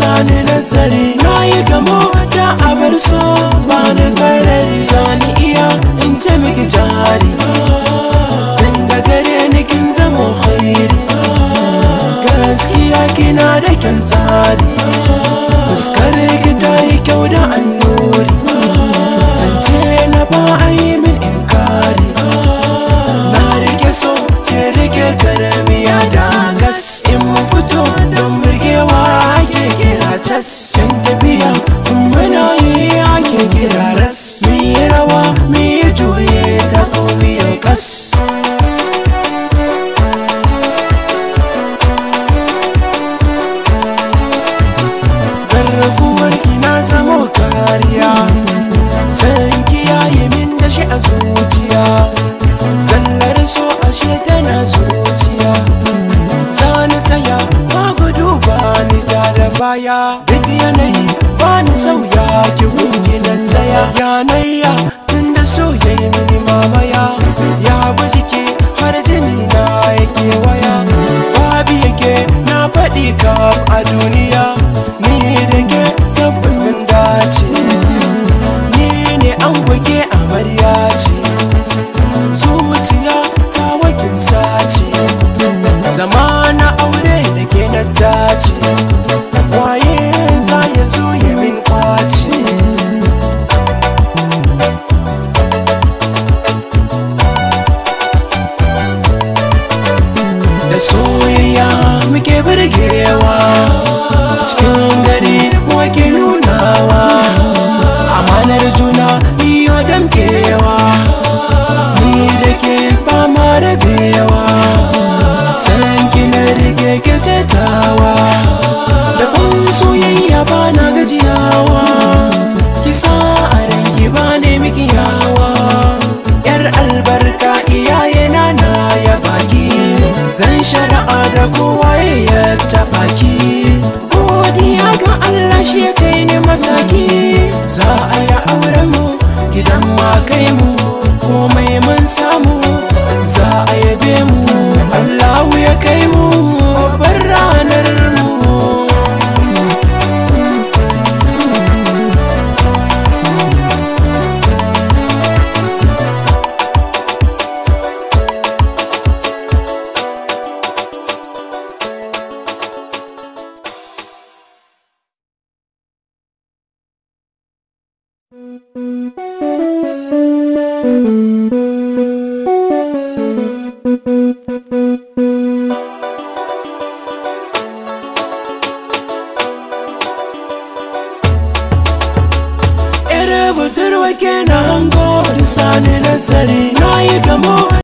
sani nazari na yi gamo da abar so ba na karari sani iya in ce miki jari tun gare ni kin zama khairi gaskiya kina da kyan fuskar ki ta yi kyau da annori, zance na ba a yi min inkari na rike so ke rike ya da gas in mu fito don birgewa ake kira cas in tafiya in muna yi ake kira ras mi rawa mi juye ta kaumiyar kas yaushe tana zuciya Sani tsaya ba duba ni ja da baya Duk yanayi ba ni sauya ki hunki na tsaya Yanayya tun da so ya yi mini mamaya Ya bi jiki har jini na yake waya Babi yake na faɗi kam a duniya Ni da ke tabbas mun dace Ni ne an buge amarya ce Zuciya ta zama na aure da ke na dace waye za ya zo ya min kwace da soyayya muke birgewa cikin kasawa da kun soyayya ba na gajiyawa kisa a rai ba ne miki yar albarka iyaye na na ya baki zan shara'a da kowa ya taba ki godiya ga Allah shi kai ne mataki za a yi auren mu gidan ma kai mu komai mun samu za a yabe mu Ere budurwa ke na hango, da sani na yi